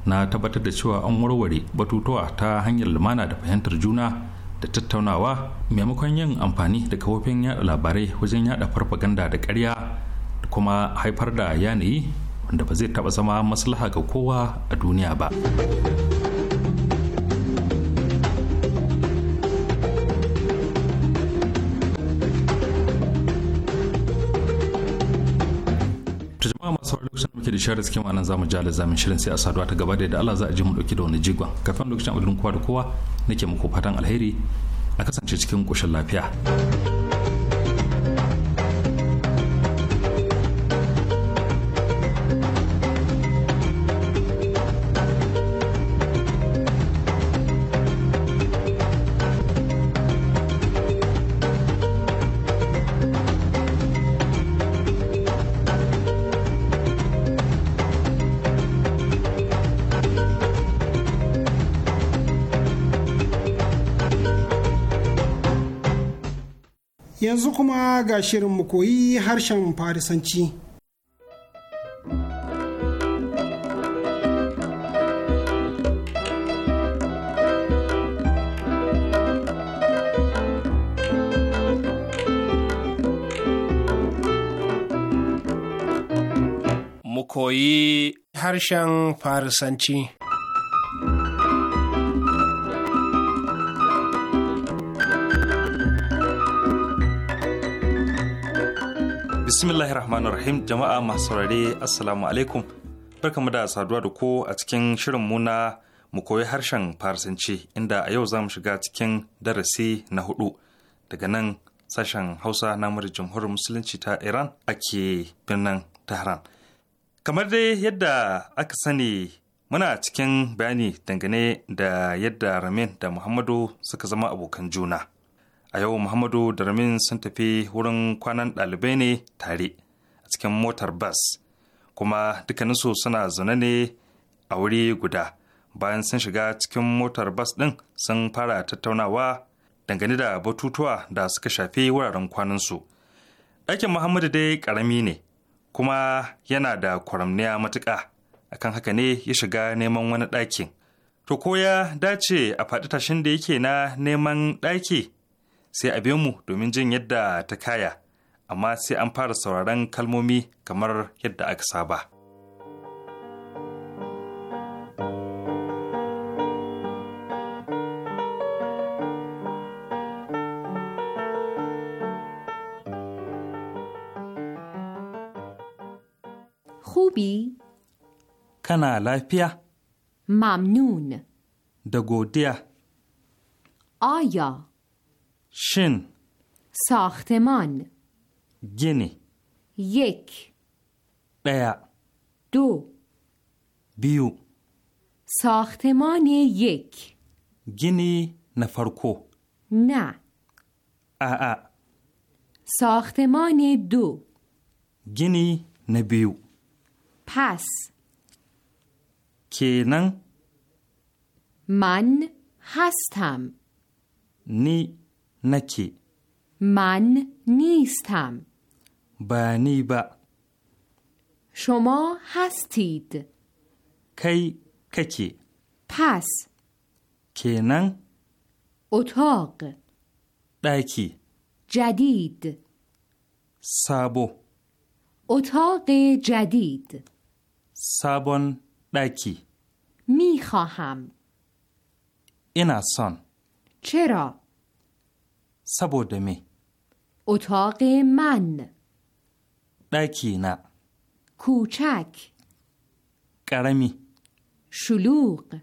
na tabbatar da cewa an warware batutuwa ta hanyar lumana da fahimtar juna da tattaunawa maimakon yin amfani da kafofin yada labarai wajen yada farfaganda da ƙarya da kuma haifar da yanayi wanda ba zai taɓa zama maslaha ga kowa a duniya ba. jama'a masu wani lokacin da muke da shirin cikin wannan zamu ji zamin shirin sai a saduwa ta gaba da yadda Allah za a ji mu dauki da wani jigon kafin lokacin abudin kowa da kowa nake muku fatan alheri a kasance cikin koshin lafiya. yanzu kuma ga shirin mu koyi harshen farisanci. Mu koyi harshen farisanci. bismillahir rahim jama'a masu saurare assalamu alaikum barkamu da saduwa da ko a cikin shirin mu na mu koyi harshen farsanci inda a yau zamu shiga cikin darasi na hudu daga nan sashen hausa na murar jamhuriyar musulunci ta iran ake birnin tehran kamar dai yadda aka sani muna cikin bayani dangane da yadda ramin da muhammadu suka zama abokan juna a yau muhammadu da ramin sun tafi wurin kwanan ɗalibai ne tare a cikin motar bas kuma dukkaninsu suna zaune ne a wuri guda bayan sun shiga cikin motar bas ɗin sun fara tattaunawa dangane da batutuwa da suka shafi wuraren kwanansu ɗakin muhammadu dai ƙarami ne kuma yana da kwaramniya matuƙa akan haka ne ya shiga neman wani ɗakin to ko ya dace a faɗi tashin da yake na neman ɗaki sai a mu domin jin yadda ta kaya, amma sai an fara sauraron kalmomi kamar yadda aka saba. hubi kana lafiya? Mamnun. Da godiya. Aya. شن ساختمان گینی یک بیا، دو بیو ساختمان یک گینی نفرکو نه ا ساختمان دو گینی نبیو پس کینن من هستم نی نکی من نیستم بانی با شما هستید کی ککی پس کنن اتاق دکی جدید سابو اتاق جدید سابون دکی میخواهم این چرا saboda می، اتاق من دکینا کوچک کرمی شلوغ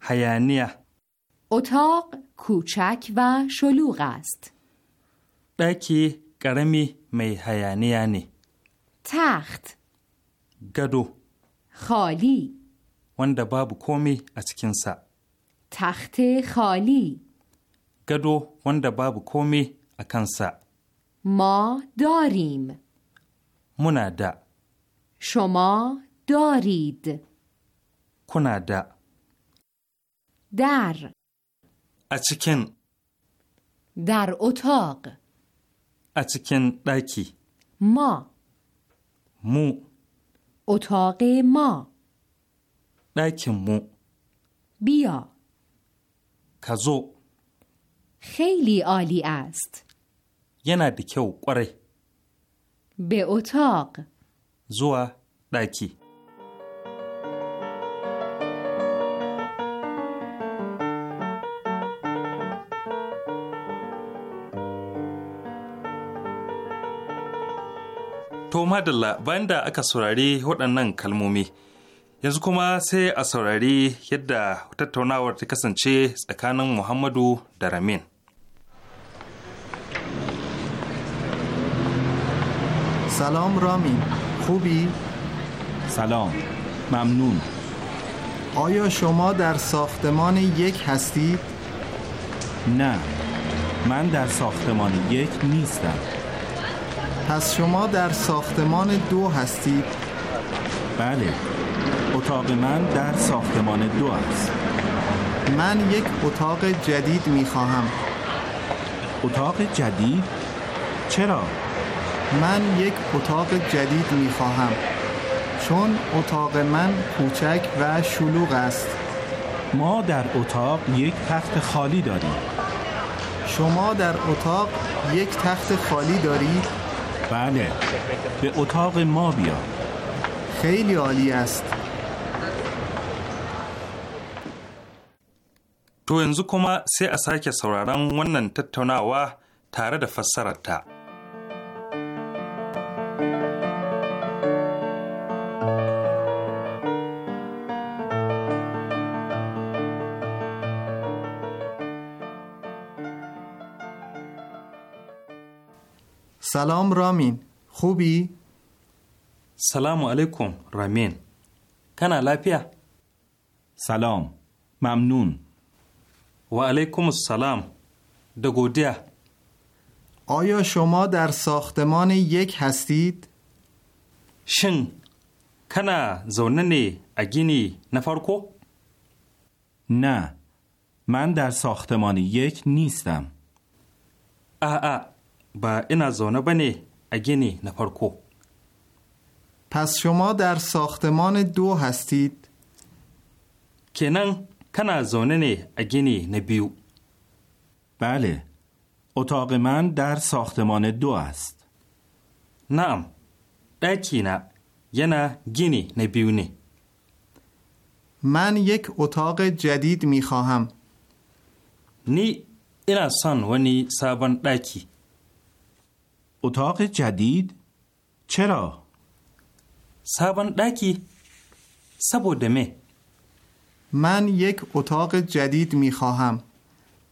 حیانیه اتاق کوچک و شلوغ است دکی کرمی می تخت گدو خالی وند باب کومی از کنسا تخت خالی gado wanda babu komai a kansa. Ma darim. Muna da. Shoma darid. Kuna da. Dar. A cikin. Dar otag. A cikin ɗaki. Ma. Mu. اتاق ما لكن مو بیا کزو خیلی عالی است. یه da کیو قره. به اتاق. زوا داکی. To madalla bayan da aka saurari waɗannan kalmomi, yanzu kuma sai a saurari yadda tattaunawar ta kasance tsakanin Muhammadu da Ramin. سلام رامی. خوبی؟ سلام ممنون آیا شما در ساختمان یک هستید؟ نه من در ساختمان یک نیستم پس شما در ساختمان دو هستید؟ بله اتاق من در ساختمان دو است من یک اتاق جدید می خواهم اتاق جدید؟ چرا؟ من یک اتاق جدید می خواهم چون اتاق من کوچک و شلوغ است ما در اتاق یک تخت خالی داریم شما در اتاق یک تخت خالی دارید؟ بله به اتاق ما بیا خیلی عالی است تو کما kuma sai a sake sauraron wannan tattaunawa tare da سلام رامین خوبی؟ سلام علیکم رامین کنا لپیا؟ سلام ممنون و علیکم السلام دگودیا آیا شما در ساختمان یک هستید؟ شن کنا زوننی اگینی نفرکو؟ نه من در ساختمان یک نیستم. آه آه با این زونه بنه اگینی نپرکو پس شما در ساختمان دو هستید؟ کنن کن زونه نه اگینی نبیو بله اتاق من در ساختمان دو است نم دکی نه یه نه گینی نبیو من یک اتاق جدید می نی اینا سان ونی سابن دکی اتاق جدید؟ چرا؟ سابان دکی دمه من یک اتاق جدید می خواهم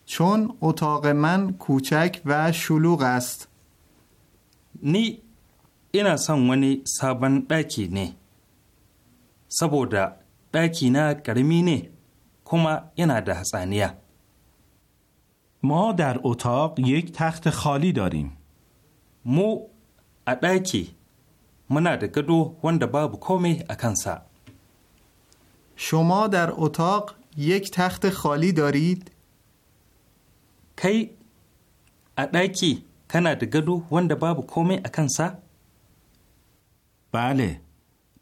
چون اتاق من کوچک و شلوغ است نی اینا سان ونی سابان دکی نه دا دکی نه کرمی نه کما اینا ده ما در اتاق یک تخت خالی داریم mu a ɗaki muna da gado wanda babu komai a kansa. Shoma dar otaq yek تخت khali darid? Kai a ɗaki kana da gado wanda babu komai a kansa? Bale,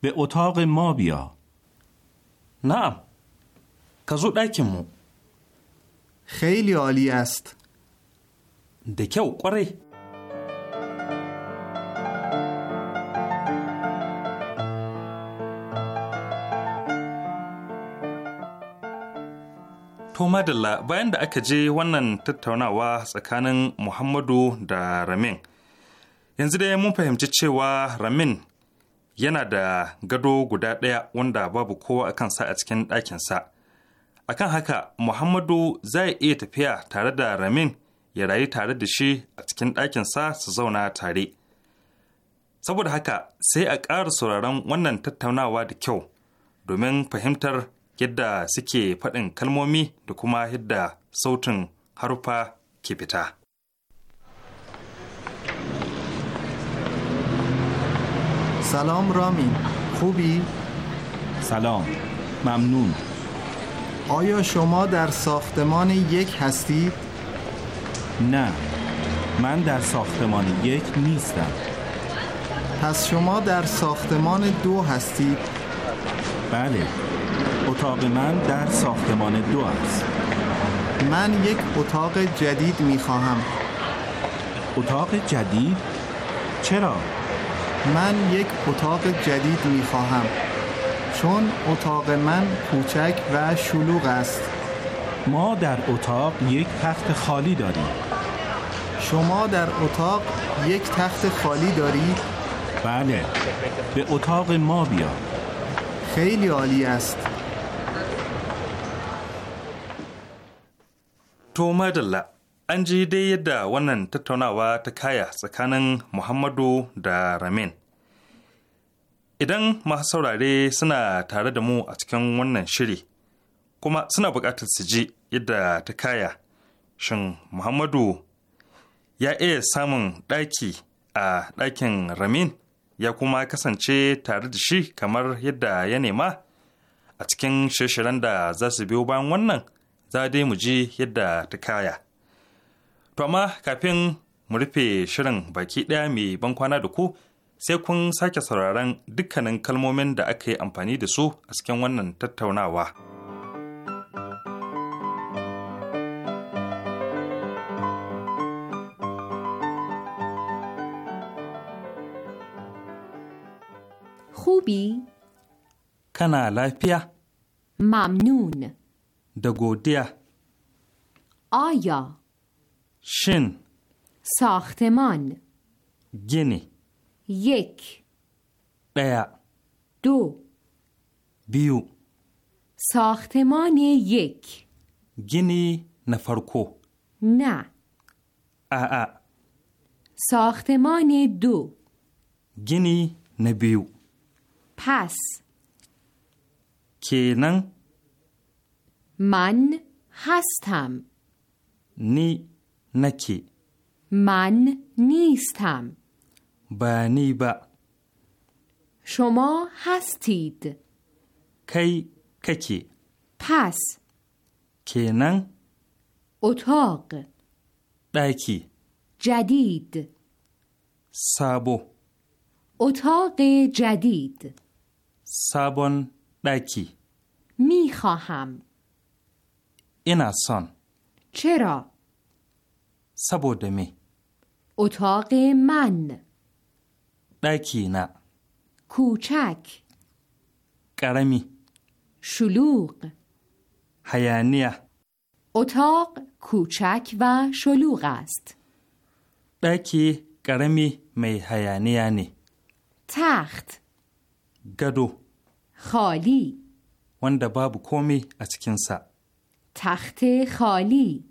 be otaq ma biya. Na'am, ka zo ɗakinmu خیلی ali ast. da kyau ƙwarai madalla bayan da aka je wannan tattaunawa tsakanin Muhammadu da Ramin. Yanzu dai mun fahimci cewa Ramin yana da gado guda ɗaya wanda babu kowa a kansa a cikin ɗakinsa. Akan haka Muhammadu zai iya tafiya tare da Ramin ya rayu tare da shi a cikin ɗakinsa su zauna tare. Saboda haka sai a ƙara sauraron wannan tattaunawa da kyau domin fahimtar یده سکه پدن کلمومی ده کما یده صوتن حروفا که سلام رامین خوبی؟ سلام ممنون آیا شما در ساختمان یک هستید؟ نه من در ساختمان یک نیستم پس شما در ساختمان دو هستید؟ بله اتاق من در ساختمان دو است من یک اتاق جدید می خواهم اتاق جدید؟ چرا؟ من یک اتاق جدید می خواهم چون اتاق من کوچک و شلوغ است ما در اتاق یک تخت خالی داریم شما در اتاق یک تخت خالی دارید؟ بله به اتاق ما بیا خیلی عالی است To madalla, an ji dai yadda wannan tattaunawa ta kaya tsakanin Muhammadu da Ramin. Idan masu saurare suna tare da mu a cikin wannan shiri, kuma suna buƙatar su ji yadda ta kaya, shin Muhammadu ya iya samun ɗaki a ɗakin Ramin ya kuma kasance tare da shi kamar yadda ya nema a cikin shirye-shiryen da za su biyo bayan wannan? za dai mu ji yadda ta kaya. To amma kafin mu rufe shirin baki ɗaya mai ban kwana da ku sai kun sake sauraron dukkanin kalmomin da aka yi amfani da su a cikin wannan tattaunawa. hubi. kana lafiya? Mamnun. da آیا شن ساختمان گینی یک بیا. دو بیو ساختمان یک گینی نفرکو نه آآ ساختمان دو گینی نبیو پس کنن من هستم نی نکی من نیستم بانی با شما هستید کی ککی پس کنن اتاق دکی جدید سابو اتاق جدید سابون داکی میخواهم این سان چرا؟ سبودمی اتاق من دکی نه کوچک قرمی شلوغ حیانیه اتاق کوچک و شلوغ است دکی کرمی می حیانیه نی تخت گدو خالی وند باب کومی از تخت خالی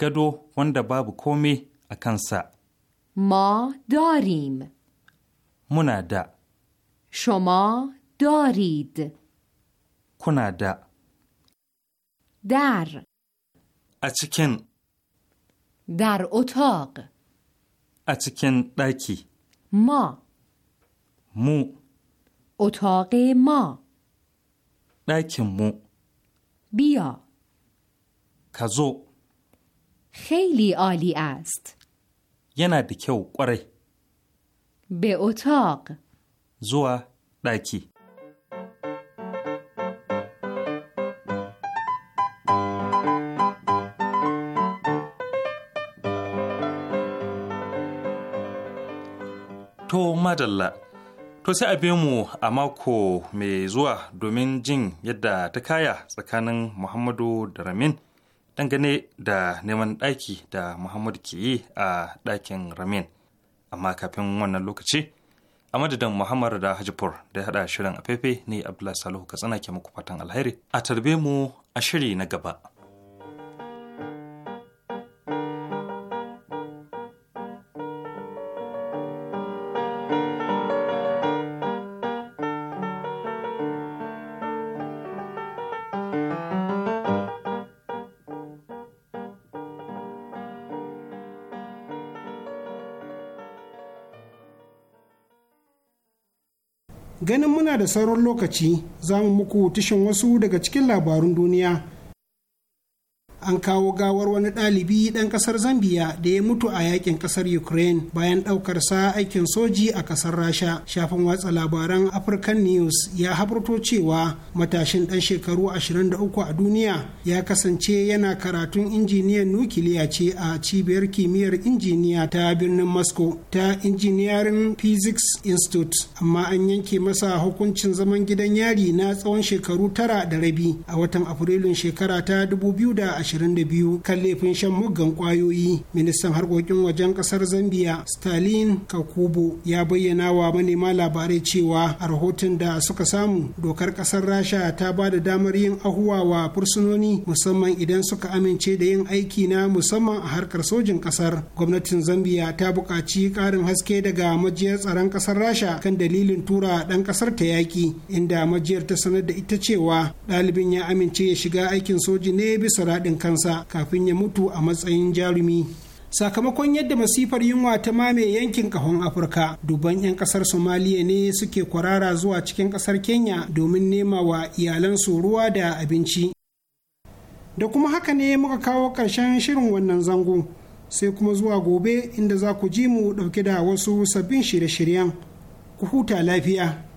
گدو وند باب کومی اکنسا ما داریم منادا شما دارید کنادا در اچکن در اتاق اچکن داکی ما مو اتاق ما داکی مو بیا kazo. خیلی عالی است yana da kyau kwarai به اتاق zuwa ɗaki. To madalla, to sai a mu a mako mai zuwa domin jin yadda ta kaya tsakanin Muhammadu da Ramin. dangane da neman ɗaki da Muhammad ke yi a ɗakin Ramin. Amma kafin wannan lokaci, a madadin Muhammad da Hajipur da ya haɗa shirin a ne Abdullahi Salihu Katsina ke muku fatan alheri. A tarbe mu a shiri na gaba. da sauran lokaci za mu muku tushen wasu daga cikin labarun duniya an kawo gawar wani ɗalibi ɗan ƙasar zambia da ya mutu a yakin ƙasar Ukraine bayan ɗaukar sa aikin soji a ƙasar Rasha. Shafin watsa labaran African News ya habarto cewa matashin ɗan shekaru 23 a duniya ya kasance yana karatun injiniyan nukiliya ce a cibiyar kimiyyar injiniya ta birnin Moscow ta Engineering Physics Institute amma an yanke masa hukuncin zaman gidan yari na tsawon shekaru tara da rabi a watan Afrilun shekara ta 2020 22 kan laifin shan muggan kwayoyi ministan harkokin wajen kasar zambia stalin kakubo ya bayyana wa manema labarai cewa a rahoton da suka samu dokar kasar rasha ta ba da damar yin ahuwa wa fursunoni musamman idan suka amince da yin aiki na musamman a harkar sojin kasar gwamnatin zambia ta buƙaci ƙarin haske daga majiyar tsaron kasar rasha kan dalilin tura ɗan kasar ta yaƙi inda majiyar ta sanar da ita cewa ɗalibin ya amince ya shiga aikin soji ne bisa raɗin kan kansa kafin ya mutu a matsayin jarumi sakamakon yadda masifar yunwa ta mame yankin kahon afirka duban 'yan kasar somaliya ne suke kwarara zuwa cikin kasar kenya domin nema wa iyalansu ruwa da abinci da kuma haka ne muka kawo ƙarshen shirin wannan zango sai kuma zuwa gobe inda za ku ji mu ɗauke da wasu sabbin shirye-shiryen ku huta lafiya